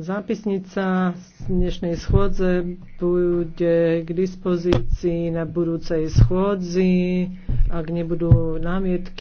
Zápisnica z dnešnej schôdze bude k dispozícii na budúcej schôdzi, ak nebudú námietky.